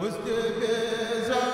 Mustafa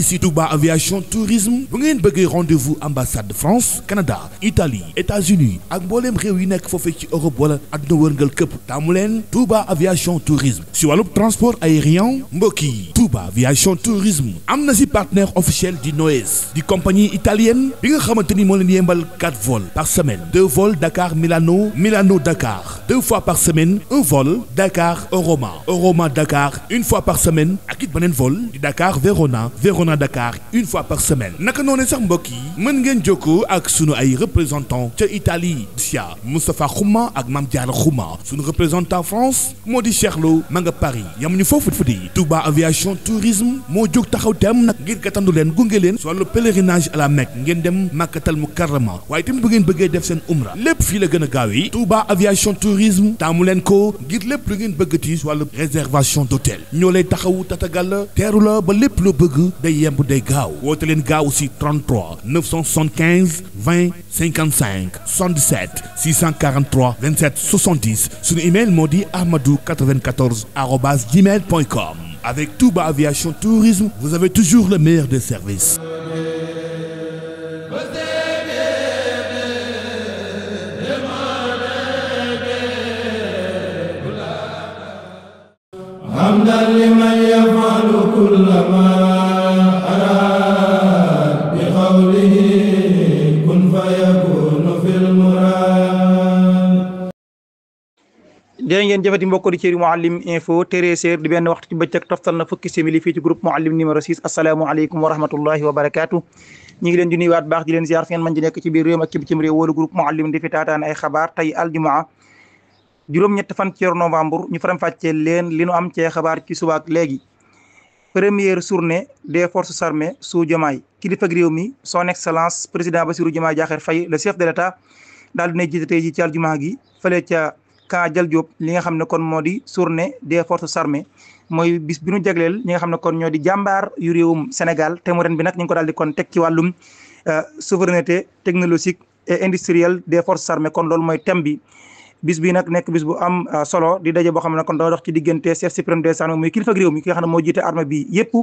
ngi si Touba aviation tourisme bu ngeen bëggee rendez-vous ambassade de France Canada Italie États-Unis ak mbooleem réew yi nekk foofee ci Europe wala àdduna wërngal këpp taamu leen Touba aviation tourisme si wàllub transport aérien mbokk yi Touba aviation tourisme am na si partenaire officiel di Noes di compagnie italienne bi nga xamante ni moo leen yembal quatre vols par semaine deux vols Dakar Milano Milano Dakar deux fois par semaine un vol Dakar Roma Roma Dakar une fois par semaine ak à Dakar une fois par semaine naka noonu sax mbokk yi mën ngeen jokkoo ak sunu ay représentant ca Italie sia Moustapha Xuma ak Mame Diarra Xuma sunu représentant France moo di Cheikh ma nga Paris yamuñu foofu fu di aviation tourisme moo jóg taxaw teem nag ngir gàttandu leen gunge leen si wàllu pèlerinage à la Mecque ngeen dem Makkatal Mukarrama waaye tamit bu ngeen bëggee def seen umra lépp fii la gën a gaawee Touba aviation tourisme taamu leen ko ngir lépp lu ngeen bëggati si wàllu réservation d'hôtel ñoo lay taxawu day yemb day gaaw woote leen gaaw si 33 975 20 55 77 643 27 70 suñu email moo di ahmadou 94 arobase gmail point com avec Touba toujours le meilleur des services. ngeen jëfati mbokk auditeurs yi Mouhalim info tere seer di benn waxtu ci bëccëg toftal na fukki simili fii ci groupe Mouhalim numéro 6 asalaamaaleykum wa rahmatullahi wa barakaatu ñu ngi leen di nuyuwaat baax di leen ziar fi ngeen mën nekk ci biir réew ak ci bitim réew wala groupe Mouhalim di fi taataan ay xabaar tey aljumaa juróom-ñett fan ci novembre ñu faram-fàccee leen li nu am cee xabaar ci subaak léegi première journée des forces armées sous Diomaye mi son excellence président Bassirou Diomaye Diakhar Faye le chef de l'état daal dina jiite tey ji ci kaajal Diop li nga xam ne kon moo di journée des forces armées mooy bis bi ñu jagleel ñi nga xam ne kon ñoo di jàmbaar yu réewum Sénégal te mu ren nag ñu ngi ko daal di kon teg ci wàllum euh, souveraineté technologique et des forces armées kon loolu mooy thème bi. bis bi nag nekk bis bu am euh, solo di daje boo xam ne kon doo dox ci diggante chef suprême des armées muy kilifa réew mi ki nga xam ne moo jiite armée bi yëpp.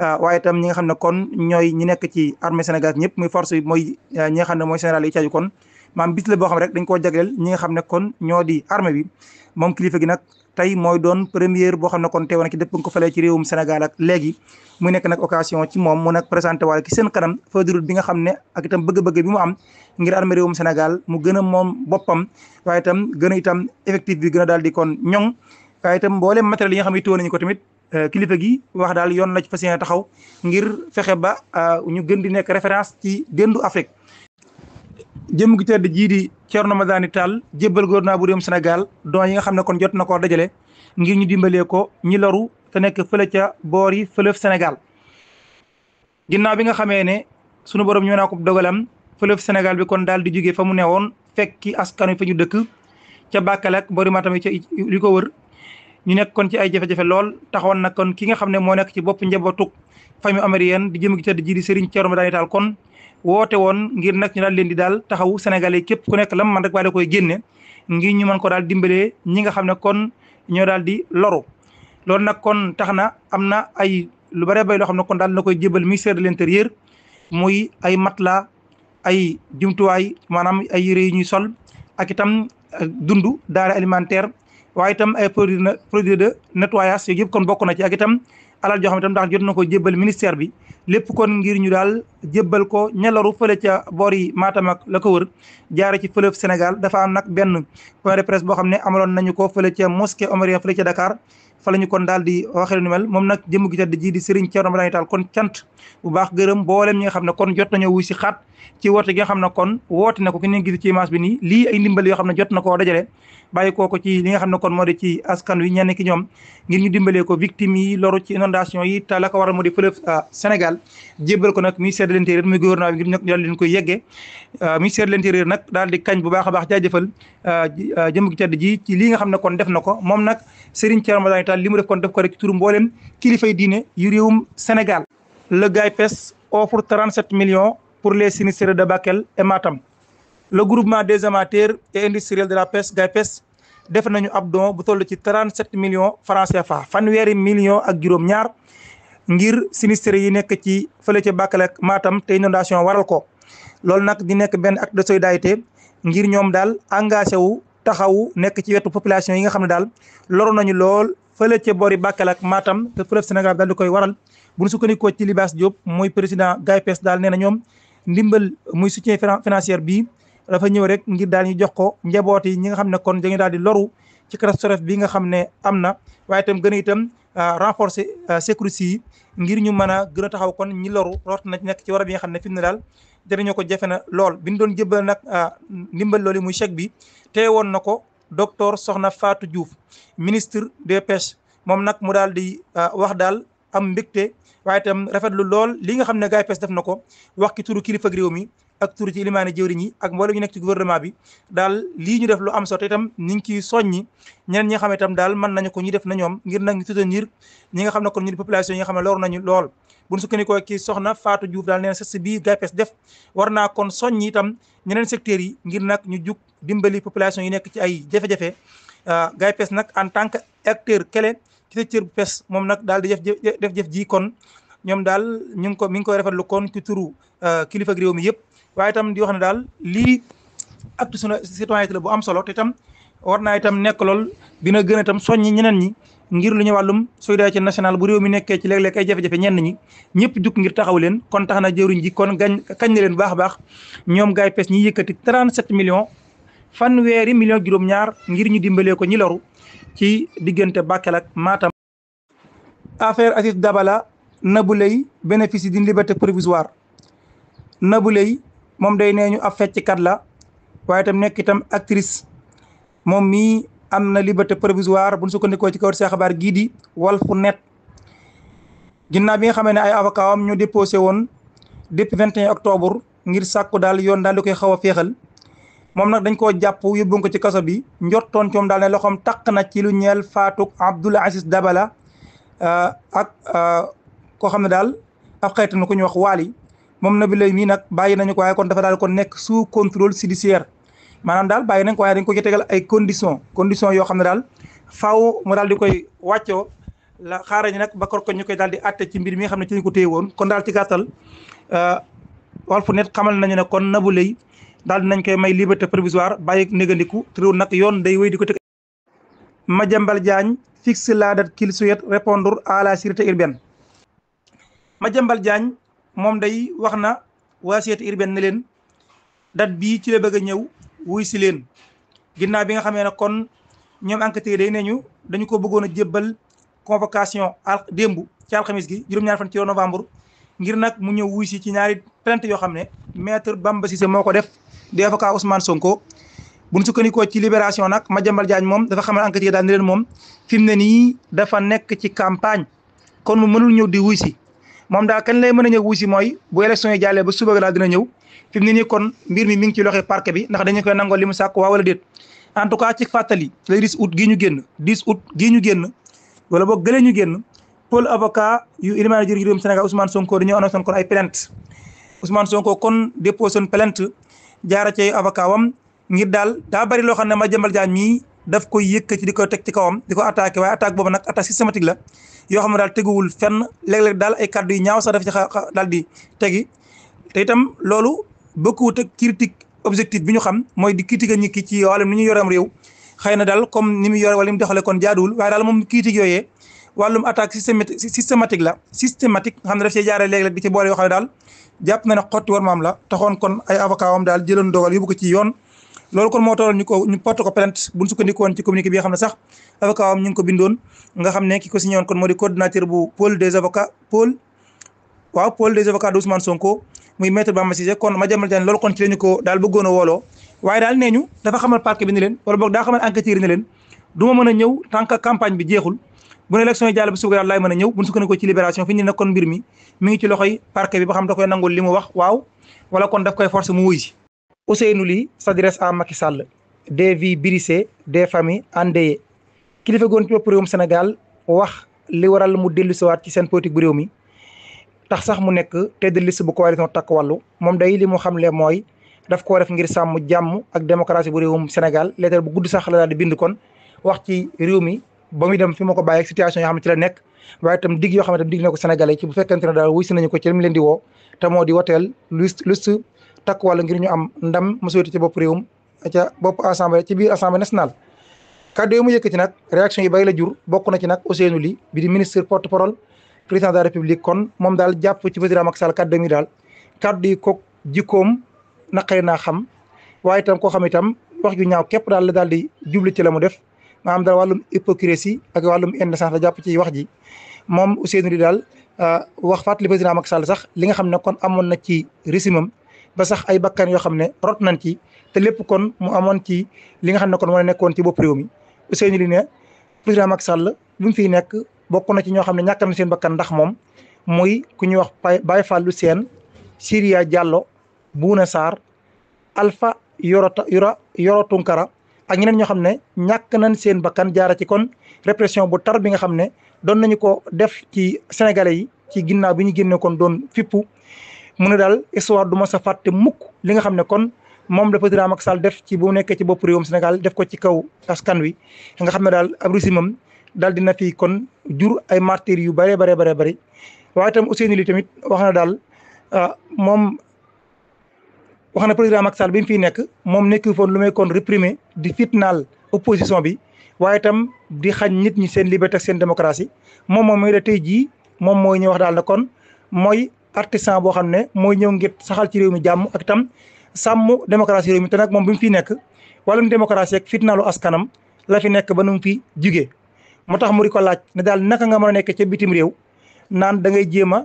Euh, nga xam ne kon ñooy ñi nekk ci armée Sénégal ñëpp mooy force bi mooy ñi xam ne mooy général yi caaju kon. maam bis la boo xam rek dañ koo jagleel ñi nga xam ne kon ñoo di armée bi moom kilifa gi nag tey mooy doon première boo xam ne kon teewoon ki dëpp nga ko falee ci réewum Sénégal ak léegi mu nekk nag occasion ci moom mu nag présenté waale ci seen kanam feuille de route bi nga xam ne ak itam bëgg-bëgg bi mu am ngir armée réewum Sénégal mu gën a moom boppam waaye itam gën a itam effectif bi gën a daal di kon ñoŋ waaye itam mboolem matériel yi nga xam ne tuwoon nañu ko tamit euh, kilifa gi wax daal yoon la ci fas taxaw ngir fexe ba euh, ñu gën di nekk référence ci dendu Afrique jëm gi tedd jii di Thierno Madani Tall jébbal gouvernement bu réewum Sénégal don yi nga xam ne kon jot na koo dajale ngir ñu dimbalee ko ñi loru te nekk fële ca boor yi fëlëf Sénégal ginnaaw bi nga xamee ne sunu borom ñoo naa ko dogalam fëlëf bi kon daal di jógee fa mu newoon fekki askan wi fa ñu dëkk ca Bakel ak boori Matam ca li ko wër ñu nekk kon ci ay jafe-jafe lool taxawoon na kon ki nga xam ne moo nekk ci bopp njabootu famille américaine di jëm gi tedd jii di Serigne Thierno Madani kon woote woon ngir nag ñu daal leen di daal taxawu sénégalais képp ku nekk lam man rek waaye koy génne ngir ñu mën ko daal dimbalee ñi nga xam ne kon ñoo daal di loro loolu nag kon tax na am na ay lu bare bay loo xam ne kon daal na koy jébal ministère de l'intérieur muy ay matelas ay jumtuwaay maanaam ay yére yu ñuy sol ak itam euh, dund daara alimentaire waaye itam ay produits de nettoyage yo yëpp kon bokk na ci ak itam alal joo xam ne tam ndax jot na ko jébbal ministère bi lépp kon ngir ñu daal jébbal ko ñelaru fële ca boor yi Matam ak la ko wër jaare ci fleuve Sénégal dafa am nag benn point de presse boo xam ne amaloon nañu ko fële ca mosquée Omarien fële ca Dakar fa la ñu kon daal di waxee lu mel moom nag jëmm gi tedd ji di Serigne Thierno Madani taal kon cant bu baax gërëm boolem ñi nga xam ne kon jot nañoo wuy si xaat ci woote gi xam na kon woote na ko ki ngeen gis ci image bi nii lii ay ndimbal yoo xam ne jot na ko dajale bàyyi koo ko ci li nga xam ne kon moo di ci askan wi ñenn ki ñoom ngir ñu dimbalee ko victime yi yi te la ko waral moo di fële euh, ko nag ministère de l'intérieur muy gouvernement bi ngir nag daal leen koy yeggee euh, ministère de l'intérieur nag di kañ bu baax a baax jaajëfal euh, jëm gi ji ci lii nga xam ne kon def na ko moom nag Serigne Thierno Madani Tall li mu def kon def ko rek ci turu mbooleem kilifay diine yu réewum Sénégal le GAIPES offre 37 million pour les sinistrés de Bakel et Matam le groupement des amateurs et industriels de la pêche GAPES def nañu ab don bu toll ci 37 million francs CFA fanweeri million ak juróom-ñaar ngir sinistre yi nekk ci fële ca Bakel ak Matam te inondation waral ko loolu nag di nekk benn acte de solidarité ngir ñoom daal engagé wu taxawu nekk ci wetu population yi nga xam ne daal loro nañu lool fële ca boori Bakel ak maatam te fleuve Sénégal daal di koy waral bu sukkandikoo ci Libaas Diop mooy président GAPES daal nee na ñoom. ndimbal muy soutien financier bi dafa ñëw rek ngir daal ñi jox ko njaboot yi ñi nga xam ne kon dañu daal di loru ci catastrophe bi nga xam ne am na waaye itam gën a itam euh, renforcer euh, sécurité yi ngir ñu mën a gën a taxaw kon ñi loru root na nekk ci warab yi nga xam ne fi mu ne daal jëriñoo ko jafe na lool bi ñu doon jëbal nag euh, ndimbal loolu muy chèque bi teewoon na ko docteur Soxna faatu Diouf ministre des pêches moom nag mu daal di wax daal am mbégte waaye itam rafetlu lool li nga xam ne GAIPES def na ko wax ki turu kilifa réew mi ak turu ci ilimaane jëwriñ yi ak mboolem ñu nekk ci gouvernement bi daal lii ñu def lu am solo itam ñu ngi ciy soññi ñeneen ñi xam ne daal mën nañu ko ñu def na ñoom ngir nag ñu soutenir ñi nga xam ne kon ñu di population yi nga xam ne loor nañu lool buñ sukkandikoo ci soxna Fatou Diouf daal nee na sës bii def war naa kon soññi itam ñeneen secteurs yi ngir nag ñu jug dimbali population yi nekk ci ay jafe-jafe ah, GAIPES nag en tant que acteur clé ci sa pes moom nag daal di def def jëf ji kon ñoom daal ñu ngi ko mi ngi koy rafetlu kon ci turu euh, kilifa réew mi yëpp waaye tam di wax ne daal lii acte sunu citoyenneté la bu am solo te itam war naa itam nekk lool dina gën a itam soññi ñeneen ñi ngir lu ñu wàllum solidarité nationale bu réew mi nekkee ci léeg-léeg ay jafe-jafe ñenn ñi ñëpp jug ngir taxaw leen kon tax na jëwriñ ji kon gañ kañ na leen baax a baax ñoom gaay pes ñi yëkkati 37 million fanweeri million juróom-ñaar ngir ñu dimbalee ko ñi loru ci diggante Bakel maatam Matam. affaire Aziz Dabala Nabou Leye bénéfice d'une liberté provisoire Nabou Leye moom day nee ñu ab fecckat la waaye itam nekk itam actrice moom mii am na liberté provisoire bu ñu sukkandikoo ci kaw see xabaar gii di Walfu Net ginnaaw bi nga xamee ne ay avocat am ñu déposé woon depuis 21 octobre ngir sàkku daal yoon daal di koy xaw a féexal. moom nag dañ koo jàpp yóbbu ko ci kaso bi njortoon coom daal ne loxoom taq na ci lu ñeel faatuk Abdoul Aziz Dabala euh, ak euh, koo xam ne daal ab xeetu na ku ñuy wax Waly moom Naby Leye mii nag bàyyi nañu ko waaye kon dafa daal kon nekk sous contrôle judiciaire maanaam daal bàyyi nañ ko dañ ko ci tegal ay condition condition yoo xam ne daal faaw mu daal di koy wàccoo la xaarañi nag ba kor ko ñu koy daal di atte ci mbir mi nga xam ne ci ñu ko téye woon kon daal ci gàttal euh, Walf Net xamal nañu ne kon nabu Leye daal dinañ koy may liberté provisoire bàyyi négandiku tréwul nag yoon day wéy di ko tëg Madiambal Diagne fixe la date qu'il souhaite répondre à la sûreté urbaine Madiambal Diagne moom day wax na waa sûreté urbaine ne leen date bi ci la bëgg a ñëw wuy si leen ginnaaw bi nga xamee ne kon ñoom enquêteurs day nañu dañu ko bëggoon a jébbal convocation al démb ci alxamis gi juróom-ñaar fan ci novembre ngir nag mu ñëw wuy si ci ñaari plainte yoo xam ne maître Bamba Cissé moo ko def di avocat Ousmane Sonko bu ñu sukkandikoo ci libération nag ma Madiambal Diagne moom dafa xamal enquête yi daal ni moom fi mu ne nii dafa nekk ci campagne kon mu mënul ñëw di wuy si moom daal kañ lay mën a ñëw wuy mooy bu élection yi jàllee ba suba daal dina ñëw fi ne nii kon mbir mi mi ngi ci loxo parquet bi ndax dañu koy nangoo li mu sàkk waa wala déet en tout cas ci fàttali le 10 août gii ñu génn 10 août gii ñu génn wala boog gëlee ñu génn pôle avocat yu ilimaana jëri réewum Sénégal Ousmane Sonko dañoo annoncé kon ay plainte Ousmane Sonko kon déposé woon plainte jaara ci avocat wam ngir daal daa bari loo xam ne ma jëmbal jaan mii daf koy ci di ko teg ci kawam di ko attaqué waaye attaque boobu nag attaque systématique la yoo xam ne daal teguwul fenn léeg daal ay kàddu yu ñaaw sax daf ci daal di tegi te itam loolu bokkuwut ak critique objectif bi ñu xam mooy di critiquer nit ki ci wàllum ni ñu yoram réew xëy na daal comme ni mu yore wala ni mu doxalee kon jaaduwul waaye daal moom critique yooyee wàllum attaque systématique systématique la systématique nga xam ne daf cee jaaree léeg-léeg di ci boole yoo xam ne daal jàpp na ne xotti war maam la taxoon kon ay avocat wam daal jëloon dogal yóbbu ko ci yoon lool kon moo tolloon ñu ko ñu porte ko plainte buñ sukkandikoon ci ko bindoon nga xam ne ki ko signé woon kon moo di coordinateur bu pôle des avocats pôle waaw pôle des avocats de Sonko muy maître Bamba Cissé kon ma jàmmal teen loolu kon ci lañu ko daal bëggoon a wooloo waaye daal nee ñu dafa xamal parquet bi ni leen wala boog daa xamal enquêteur yi ni leen du ma mën a tant que campagne bi jeexul bu ne élection yi jàll bi mën a ñëw bu ñu sukkandikoo ci libération fi ñu ne mbir mi mi ngi ci loxoy parquet bi ba xam da koy nangul li mu wax waaw wala kon daf koy force mu wuy si Ousseynou Ly s'adresse à Macky Sall des vies brisées des familles endeuillées kilifa goon ci bopp réewum senegal wax li waral mu dellu siwaat ci seen politique bu réew mi tax sax mu nekk te de liste bu coalition takk wàllu moom day li mu xamle mooy daf koo def ngir sàmm jàmm ak démocratie bu réewum Sénégal lettre bu gudd sax la daal di bind kon wax ci réew mi ba muy dem fi ma ko bàyyi situation yoo xam ne ci la nekk waaye itam digg yoo xam ne itam digg na ko sénégalais ci bu fekkente ne daal wuy si nañu ko ci lim leen di woo di woteel lust lust takk wàll ngir ñu am ndam masuwétu ci bopp réewum ca bopp assemblée ci biir assemblée nationale kàddu yi mu yëkkati nag réaction yi bari la jur bokk na ci nag Ousseynou Ly bi di ministre porte parole président de la république kon moom daal jàpp ci président Macky Sall kàddu yi daal kàddu yi ko jikkoom naqari naa xam waaye itam koo xam itam wax ju ñaaw képp daal la daal di jubli ci la mu def maanaam daal wàllum hypocrisie ak wàllum indécence la jàpp ci wax ji moom Ousseynou di daal euh, wax fàttali président Macky Sall sax li nga xam ne kon amoon na ci régime ba sax ay bakkan yoo xam ne rot nañ ci te lépp kon mu amoon ci li nga xam ne kon moo nekkoon ci bopp réew mi Ousseynou di ne président Macky Sall bi mu fiy nekk bokk na ci ñoo xam ne ñàkk na seen bakkan ndax moom muy ku ñuy wax Baye Fallou Sène Siria Diallo Bouna Sarr Alpha Yoro Yoro Tunkara ak ñeneen ñoo xam ne ñàkk nañ seen bakkan jaara ci kon répression bu tar bi nga xam ne doon nañu ko def ci sénégalais yi ci ginnaaw bi ñu génne kon doon fippu mu ne daal histoire du ma sa fàtte mukk li nga xam ne kon moom la président Macky Sall def ci bu nekkee ci bopp réewum Sénégal def ko ci kaw askan wi nga xam ne daal ab régime daal dina fi kon jur ay martyrs yu bëree bare bëri waaye itam Ousseynou Ly tamit wax na daal ah, moom wax na président Macky Sall bi mu fiy nekk moom nekk foon lu may kon réprimer di fitnaal opposition bi waaye tam di xañ nit ñi seen liberté ak seen démocratie moom moom mooy la tey jii moom mooy ñuy wax daal ne kon mooy artisan boo xam ne mooy ñëw ngir saxal ci réew mi jàmm ak itam sàmm démocratie réew mi te moom bi mu fiy nekk wàllum démocratie ak fitnaalu askanam la fi nekk ba nu mu fi jugee moo tax mu di ko laaj ne daal naka nga moo a nekk ca bitim réew naan da ngay jéem a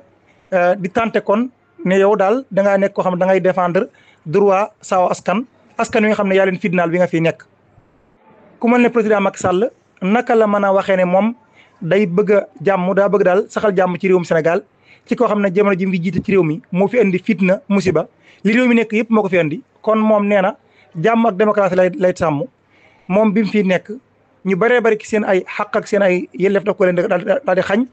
euh, di tante ne yow daal da nekk koo xam ne da ngay défendre droit saaw askan askan wi nga xam ne yaa leen fitnaal bi nga fi nekk ku mel ne président Macky Sall naka la mën a waxee ne moom day bëgg jàmm daa bëgg daal saxal jàmm ci réewum Sénégal ci koo xam ne jamono ji mu ci réew mi moo fi indi fitna musiba li réew mi nekk yëpp moo ko fi andi kon moom nee na jàmm ak démocratie lay lay sàmm moom bi mu fi nekk ñu bëree bëri ki seen ay xàq ak seen ay yelleef daf ko leen daal di xañ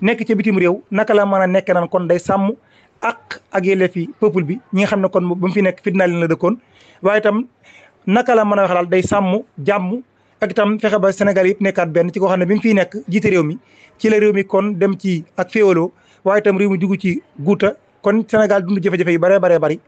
nekk ci bitim réew naka la mën a nekkee nan kon day sàmm ak ak yelleefi peuple bi ñi nga xam ne kon ba mu fi nekk fitnaa leen la dëkkoon waaye tam naka la mën a wax daal day sàmmu jàmm ak itam fexe ba Sénégal yëpp nekkaat benn ci ko xam ne bi mu fiy nekk jiite réew mi ci la réew mi kon dem ci ak féewaloo waaye itam réew mi dugg ci guuta kon Sénégal dund jafe yu bëree bëree bëri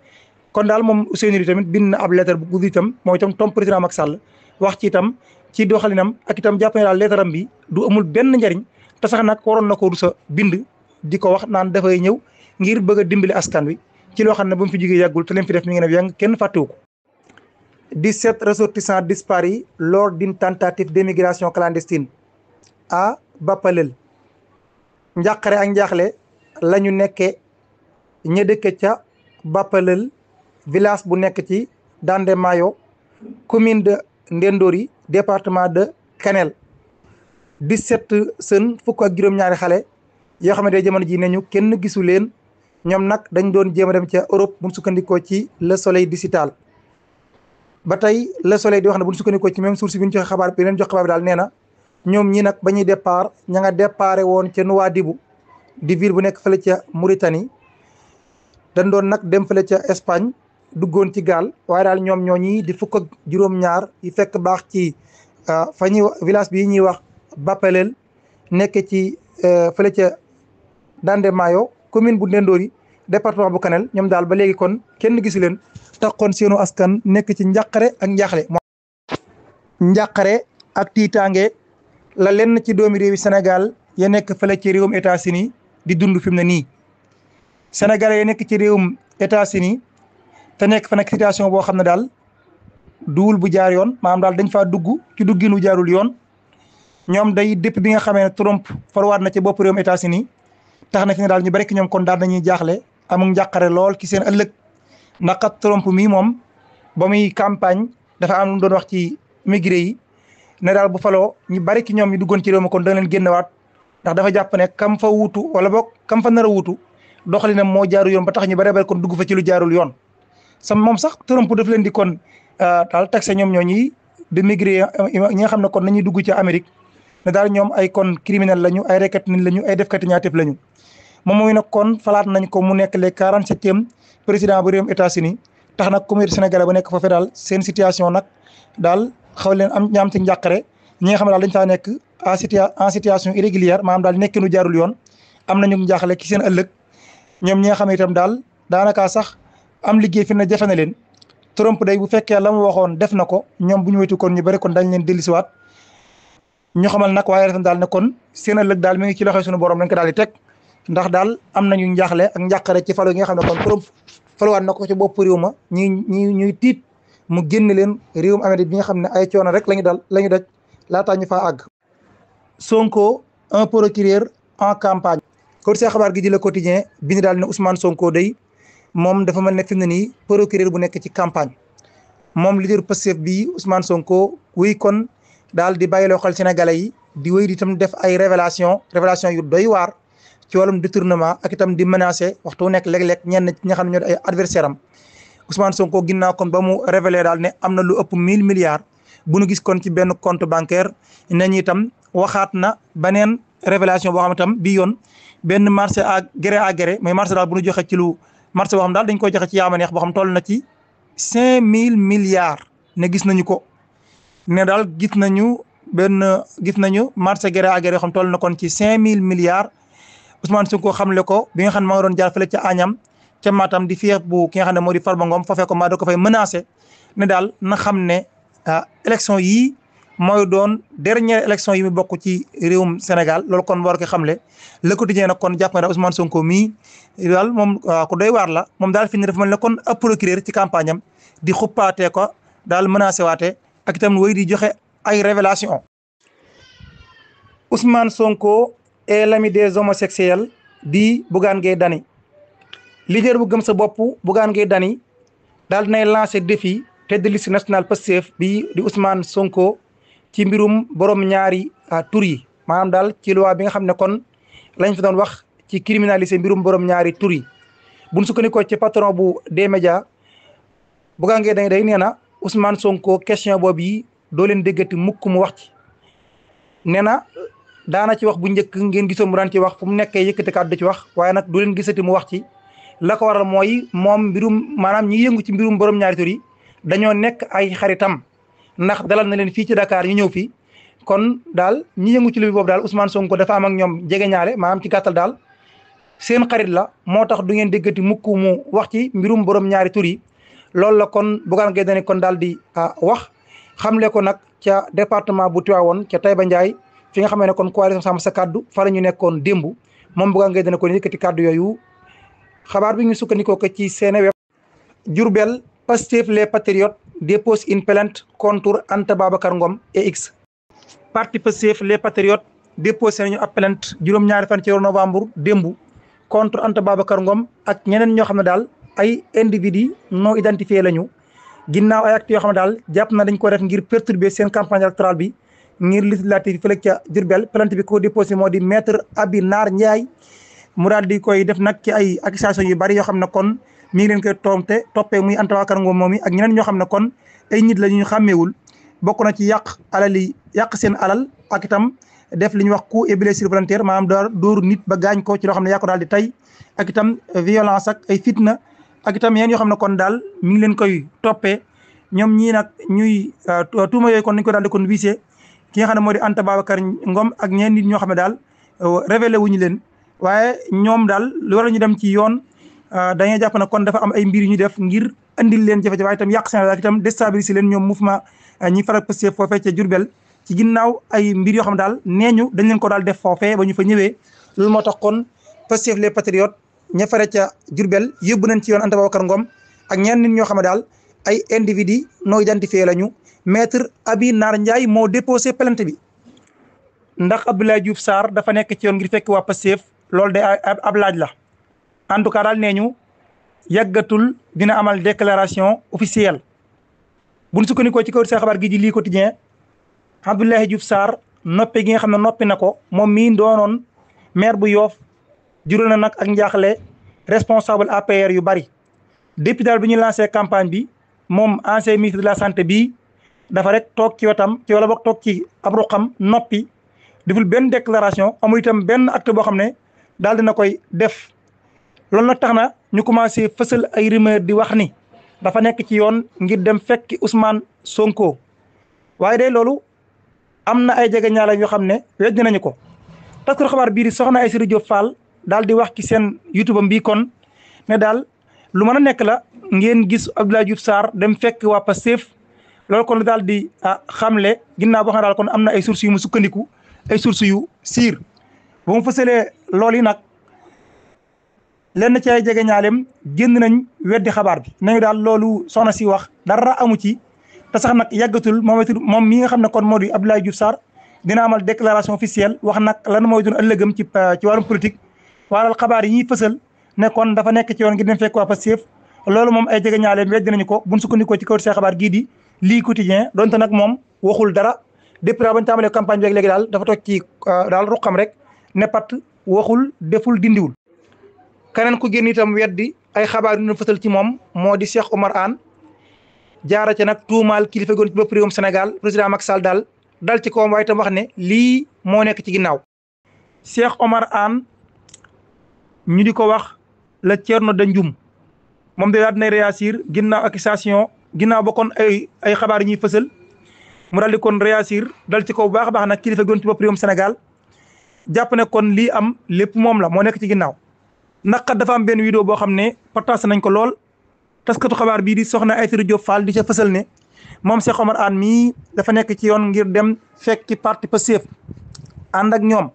kon daal moom Ousseynou Ly tamit bind na ab lettre bu gudd itam mooy itam tom président Macky Sall wax ci itam ci doxalinam ak itam jàpp ne daal bi du amul benn njariñ te sax waroon na ko rusa bind di ko wax naan dafay ñëw ngir bëgg a dimbali askan wi ci loo xam ne bu mu fi jógee yàggul te leen fi def mi ngi ne yàng kenn fàttewu ko 17 ressortissants disparus lors d'une tentative d'émigration clandestine à Bapalel njàqare ak njaaxle la ñu nekkee ña dëkk ca Bapalel village bu nekk ci Dande Mayo commune de Ndendori département de Kanel 17 sën fukk ak juróom-ñaari xale yoo xam ne jamono ji nañu kenn gisu leen ñoom nag dañ doon jéem a dem ca Europe bu ñu sukkandikoo ci le soleil digital ba tey le soleil di wax ne bu ñu sukkandikoo ci même source bi ñu joxe xabaar bi leen jox xabaar na ñoom ñi nag ba ñuy départ ña nga déparé woon ca Nouadhibou di ville bu nekk fële ca Mauritanie dañ doon nag dem fële ca Espagne duggoon ci gaal waaye daal ñoom ñoo ñii di fukk ak juróom-ñaar yi fekk baax ci euh, fa ñuy village bi ñuy wax Bapalel nekk ci euh, fële ca Dandemayo commune bu Ndendori département bu Kanel ñoom daal ba léegi kon kenn gisu leen taxoon seenu askan nekk ci njàqare ak njaaxle. njàqare ak tiitaange la lenn ci doomi réewi Sénégal ya nekk fële ci réewum États-Unis di dund fi mu ne nii Sénégalais ya nekk ci réewum États-Unis te nekk fa nag situation boo xam ne daal duwul bu jaar yoon maanaam daal dañ fa dugg ci dugginu jaarul yoon ñoom day dépp bi nga xamee ne Trump farwaat na ci bopp réewum États-Unis tax na fi ne daal ñu bari ki ñoom kon daal nañuy jaaxle amul njàqare lool ci seen ëllëg naqat Trump mii moom ba muy campagne dafa am lu mu doon wax ci migré yi ne daal bu faloo ñu bari ki ñoom ñu duggoon ci réew kon dana génnewaat ndax dafa jàpp ne kam fa wuutu wala boog kam fa nar a wuutu doxalinam moo jaaru yoon ba tax ñu bari bari kon dugg fa ci lu jaarul yoon. sam moom sax Trump daf leen di kon euh, daal taxé ñoom ñoo ñuy di migré ñi xam ne kon na nañuy dugg ci Amérique ne daal ñoom ay kon criminel lañu ay rekat lañu ay defkati ñaateef lañu. moom mooy nag kon falaat nañ ko mu nekk le quarante septième président bu réewum États-Unis tax nag communauté sénégalaise ba nekk foofee daal seen situation nag daal xaw leen am ñaam ci njàqare ñi nga xam ne daal dañ nekk en situation irrégulière maanaam daal nekkinu jaarul yoon am nañu njaaxle ci seen ëllëg ñoom ñi nga xam ne daal daanaka sax am liggéey fi na jafe na leen Trump day bu fekkee la mu waxoon def na ko ñoom bu ñu wetu kon ñu bëri kon dañ leen dellusiwaat ñu xamal nag waaye dafa daal ne kon seen ëllëg daal mi ngi ci loxo suñu borom lañ ko daal di teg ndax daal am nañu njaaxle ak njàqare ci falu gi nga xam ne kon trop faluwaat na ko ci bopp réew ma ñuy ñuy ñuy tiit mu génn leen réewum Amérique bi nga xam ne ay coono rek lañu dal la ñu daj laataa ñu faa àgg. Sonko un procureur en campagne. kon see xabaar gi di Le Quotidien bi daal ne Ousmane Sonko day moom dafa mel ne fi mu ne nii procureur bu nekk ci campagne moom leader Pastef bi Ousmane Sonko wuy kon daal di bàyyiloo xel Sénégalais yi di wéy di itam def ay révélation révélation yu doy waar. ci wàllum détournement ak itam di menacer waxtu nekk léeg-léeg ñenn ñi xam ne ñoo ay adversaire am Ousmane Sonko ginnaaw kon ba mu révélé daal ne am na lu ëpp mille milliards bu nu gis kon ci benn compte bancaire nañu itam waxaat na beneen révélation boo xam itam bii yoon benn marché à gré à gré mooy marché bu nu joxe ci lu marché boo xam daal dañ koy joxe ci yaama neex boo xam toll na ci cinq mille milliards ne gis nañu ko ne daal gis ñu benn gis nañu marché gré à gré yoo xam toll na kon ci cinq mille milliards Ousmane Sonko xamle ko bi nga xam ne maa doon jaar fële ca Agnam ca di fiyeef bu ki nga ne moo di Farba Ngom foofee ko maa da ko fay menacé ne daal na xam ne ah élection yii mooy doon dernière élection yi bokk ci réewum Sénégal loolu kon war ko xamle Le Quotidien nag kon jàpp nga ne Ousmane Sonko mii daal moom ah, ku doy waar la moom daal fi ne dafa mel kon ab procureur ci campagne di xuppaatee ko daal menacé waate ak itam wéy di joxe ay révélation Ousmane Sonko et l'ami des homosexuels di Bougane Gueye Dany leader bu gëm sa bopp Bougane Gueye Dany daal dinay lancé défi tête de liste nationale Pastef bi di Ousmane Sonko ci mbirum borom ñaari ah, tur yi maanaam daal ci loi bi nga xam ne kon lañ fi doon wax ci criminaliser mbirum borom ñaari tur yi buñ sukkandikoo ci patron bu D-Media Bougane Gueye day nee na Ousmane Sonko question boobu yi doo leen déggati mukk mu wax ci nee daana ci wax bu njëkk ngeen gisoon mu daan ci wax fu mu nekkee yëkkati kàddu ci wax waaye nag du leen gisati mu wax ci la ko waral mooy moom mbirum maanaam ñi yëngu ci mbirum borom ñaari turi yi dañoo nekk ay xaritam ndax dalal na leen fii ci Dakar ñu ñëw fi kon daal ñi yëngu ci lu boobu daal Sonko dafa am ak ñoom jege ñaale maanaam ci gàttal daal seen xarit la moo tax du ngeen déggati mukk wax ci mbirum borom ñaari tur yi loolu la kon Bougane Gueye Dany kon daal di ah, wax xamle ko nag ca département bu Tivaouane ca Taïba Ndiaye fi nga xamee ne kon coalition sàmm sa kàddu fa la ñu nekkoon démb moom Bougane Gueye dana ko yëkkati kàddu yooyu xabaar bi ñu sukkandikoo ko ci Seneweb jurbel Pastef les patriotes dépose une plainte contre Anta Babacar Ngom et X parti Pastef les patriotes déposé ñu a plainte juróom-ñaari fan ci weeru novembre démb contre Anta Babacar Ngom ak ñeneen ñoo xam ne daal ay individus non identifiés lañu ginnaaw ay actes yoo xam ne daal jàpp na dañ ko def ngir perturber seen campagne électorale bi ngir législative fële ca Diourbel plainte bi ko déposé moo di maître Abi Naar Ndiaye mu daal di koy def nag ci ay accusation yu bari yoo xam ne kon mi ngi leen koy toomte toppee muy Anta Bakar Ngom moom yi ak ñeneen ñoo xam ne kon nit la ñu xàmmeewul bokk na ci yàq alal yi yàq seen alal ak itam def li ñuy wax coup et blessure volontaire maanaam door nit ba gaañ ko ci loo xam ne yaa daal di tey ak itam violence ak ay ak itam yeen yoo xam ne kon daal mi ngi leen koy toppee ñoom ñii nag ñuy euh, tuuma yooyu kon nañu ko daal di kon visé ki nga xam ne moo di Anta Babacar Ngom ak ñeen nit ñoo xam ne daal euh, révélé wuñu leen waaye ñoom daal lu ñu dem ci yoon euh, dañuy jàpp ne kon dafa am ay mbir ñu def ngir andil leen jafe-jafe itam yàq seen ak itam déstabiliser leen ñoom mouvement euh, ñi faral Pastef foofee ca Jurbel ci ginnaaw ay mbir yoo xam ne daal nee ñu dañ leen ko daal def foofee ba ñu fa ñëwee loolu moo tax kon Pastef les patriotes ña fare ca Jurbel yóbbu nañ ci yoon Anta Babacar ngoom ak ñeen nit ñoo xam ne daal ay individu no identifié lañu maître Abi Naar Ndiaye moo déposé plainte bi ndax Abdoulaye Diouf Sarr dafa nekk ci yoon ngir fekk waa Pastef loolu de ab laaj la en tout cas daal nee ñu yàggatul dina amal déclaration officielle buñ sukkandikoo ci kaw seen xabaar gi di lii quotidien Abdoulaye Diouf Sarr noppi gi nga xam ne noppi na ko moom mii doonoon maire bu yoof jural na nag ak njaaxle responsable APR yu bari depuis daal bi ñu lancé campagne bi moom ancien ministre de la santé bi dafa rek toog ci wetam ci wala boog toog ci ab ruqam noppi deful benn déclaration amul itam benn ak boo xam ne daal dina koy def loolu nag tax na ñu commencé fësal ay rumeur di wax ni dafa nekk ci yoon ngir dem fekk Ousmane Sonko waaye de loolu am na ay jege ñaala yoo xam ne weddi nañu ko taskatu xabaar bii di soxna Aïssatou Diop Fall daal di wax ci seen youtube am bii kon ne daal lu mën a nekk la ngeen gis Abdoulaye Diouf Sarr dem fekk waa Pastef loolu kon daal di ah xamle ginnaaw boo xam ne daal kon am na ay sources yu mu sukkandiku ay sources yu siir ba mu fësalee loolu yi nag lenn ci ay jege ñaaleem génn nañ weddi xabaar bi nañu daal loolu soxna si wax dara amu ci te sax nag yàggatul moom moom xam ne kon moo di Abdoulaye Diouf Sarr dina amal déclaration officielle wax nag lan mooy doon ëllëgam ci euh, ci wàllum politique waaral xabaar yi ñuy fësal ne kon dafa nekk ci yoon gi dem loolu moom ay jege ñaaleem weddi ko buñ sukkandikoo ci kaw see gii di lii quotidien donte nag moom waxul dara depuis daal ba ñu campagne bi léegi daal dafa toog ci euh, daal ruqam rek ne waxul deful dindiwul. keneen ku génn itam weddi ay xabaar yu ñu ci moom moo di Cheikh Omar Anne jaara ca nag tuumaal kilifa goon ci bopp réewum Sénégal président Macky daal dal ci kawam waaye itam wax ne lii moo nekk ci ginnaaw. Cheikh Omar Anne ñu di ko wax la Thierno Danjum moom de daal dinay réagir ginnaaw accusation ginnaaw ba kon ay ay xabaar ñuy fësal moo daal di kon réagir dal ci kaw bu baax a baax nag kilifa gën ci bopp réewum Sénégal jàpp ne kon lii am lépp moom la moo nekk ci ginnaaw ndax kat dafa am benn vidéo boo xam ne partage nañ ko lool taskatu xabaar bii di soxna Aïssatou Diop Fall di ca fësal ne moom Cheikh Omar Anne mii dafa nekk ci yoon ngir dem fekki parti Pastef ànd ak ñoom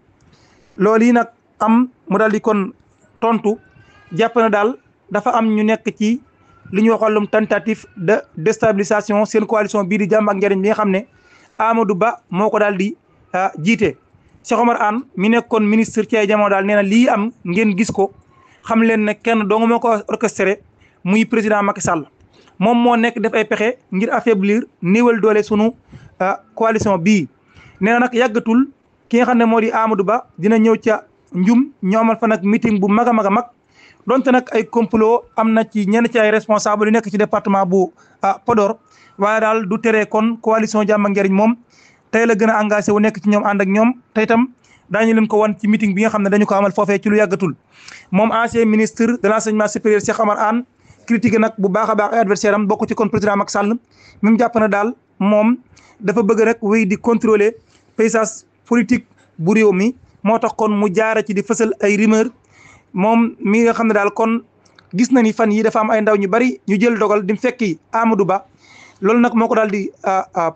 loolu yi nag am mu daldi kon tontu jàpp ne daal dafa am ñu nekk ci li ñuy waxoon tentative de déstabilisation seen coalition bii di jàmm ak njëriñ bi xam ne Amadou Ba moo ko daal di ah, jiite. Cheikh Omar Anne mi nekkoon ministre ci ay daal nee na lii am ngeen gis ko xam leen ne kenn dong moo ko orchestré muy président Macky Sall moom moo nekk def ay pexe ngir affaiblir néewal doole sunu ah, coalition bii. nee na nag yàggatul ki nga xam ne moo di Amadou Ba dina ñëw ca Njum ñoomal fa nag meeting bu mag a mag a mag. donte nag ay complot am na ci ñenn ci ay responsable yu nekk ci département bu ah, Podor waaye daal du teree kon coalition Jàmm ak Njariñ moom tey la gën a engagé wu nekk ci ñoom ànd ak ñoom tey tam daañu leen ko wan ci meeting bi nga xam ne dañu ko amal foofee ci lu yàggatul moom ancien ministre de l' enseignement supérieur Cheikh Omar Anne critiqué nag bu baax a baax ay adversaire am bokk ci kon président Macky Sall même jàpp na daal moom dafa bëgg rek wéy di contrôler paysage politique bu réew mi moo tax kon mu jaara ci di fësal ay rumeur moom mi nga xam ne daal kon gis na ni fan yi dafa am ay ndaw ñu bari ñu jël dogal di fekki Amadou Ba loolu nag moo ko daal di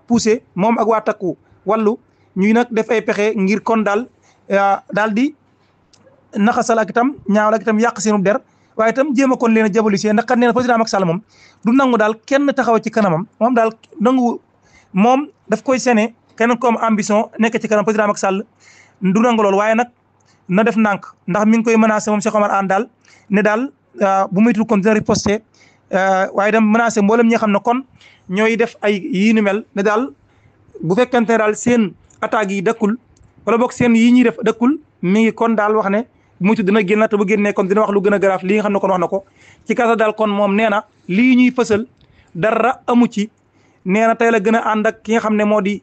poussé moom ak waa takku wàllu ñuy nag def ay pexe ngir kon daal daal di naxasal ak itam ñaawal ak itam yàq seenu der waaye tam jéem kon leen a jabolisee ndax kat nee na président Macky Sall moom du nangu daal kenn taxaw ci kanamam moom daal nangu moom daf koy sene kenn koom am ambition nekk ci kanam président Macky Sall du nangu loolu waaye nag na def ndànk ndax mi ngi koy menacé moom Cheikh Omar Anne daal ne daal euh, bu muy tu kon dina riposté euh, waaye dem menacé mboolem ñi xam ne kon ñooy def ay yii nu daal bu fekkente daal seen attaques yi dëkkul wala boog seen yi ñuy def dëkkul mi ngi kon daal wax ne bu muy tudd dina génn te bu génnee kon dina wax lu gën a garaaf li nga xam ne kon wax na ko ci kasa daal kon moom neena na lii ñuy fësal dara amu ci nee na tey la gën a ànd ak ki nga xam ne moo di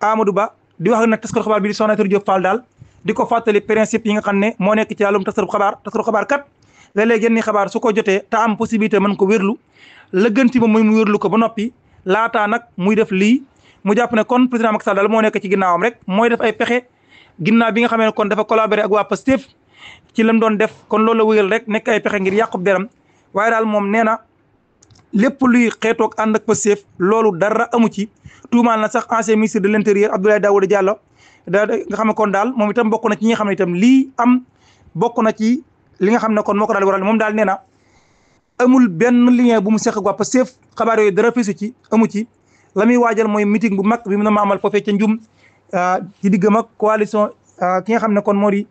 Amadou Ba di wax nag tas ko xabaar bi di Soxna Aïda Diop Fall daal di ko fàttali principe yi nga xam ne moo nekk ci wàllum tasaru xabaar tasaru xabaar kat léeg-léeg yenn xabaar su ko jotee te am possibilité mën ko wérlu lëgganti moom mooy mu wérlu ko ba noppi laataa nag muy def lii mu jàpp ne kon président Macky Sall daal moo nekk ci ginnaawam rek mooy def ay pexe ginnaaw bi nga xamee ne kon dafa collaboré ak waa Pastef ci lam doon def kon loolu la wéyal rek nekk ay pexe ngir yàqub deram waaye daal moom nee na lépp luy xeetoog ànd ak Pastef loolu dara amu ci tuumaal na sax ancien ministre de l' intérieur Abdoulaye Daouda da nga xam ne kon daal moom itam bokk na ci nga xam ne lii am bokk na ci li nga xam ne kon moo ko daal waral moom daal nee na amul benn lien bu mu seq quoi parce que xabaar yooyu dara fisu ci amu ci la muy waajal mooy meeting bu mag bi mu na maamal foofee ca njum ah, ci diggam ak coalition ah, ki nga xam ne kon moo di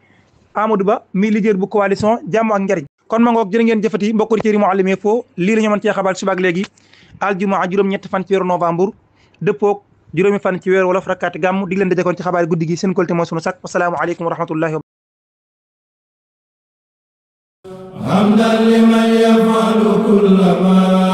Amadou Ba mi leader bu coalition jàmm ak njariñ kon ma ngoog jërë ngeen jëfati mbokk ci Mouhalim Info lii li ñu mën cee xabaar suba ak léegi juróom-ñett fan ci weeru novembre dëppoog juróomi fan ci weer wala rakkaati gàmm dig leen daje koon ci xabaar guddi gi seen kolte moo sunu sàkk wasalaamu aleykum wa rahmatullahi wa hamdan liman yafalu kulla ma